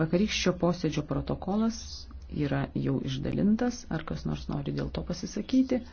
Vakarykščio posėdžio protokolas yra jau išdalintas, ar kas nors nori dėl to pasisakyti.